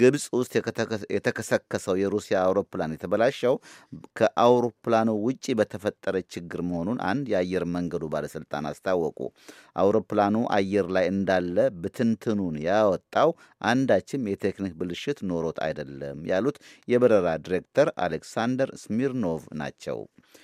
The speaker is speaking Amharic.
ግብፅ ውስጥ የተከሰከሰው የሩሲያ አውሮፕላን የተበላሸው ከአውሮፕላኑ ውጪ በተፈጠረ ችግር መሆኑን አንድ የአየር መንገዱ ባለስልጣን አስታወቁ። አውሮፕላኑ አየር ላይ እንዳለ ብትንትኑን ያወጣው አንዳችም የቴክኒክ ብልሽት ኖሮት አይደለም ያሉት የበረራ ዲሬክተር አሌክሳንደር ስሚርኖቭ ናቸው።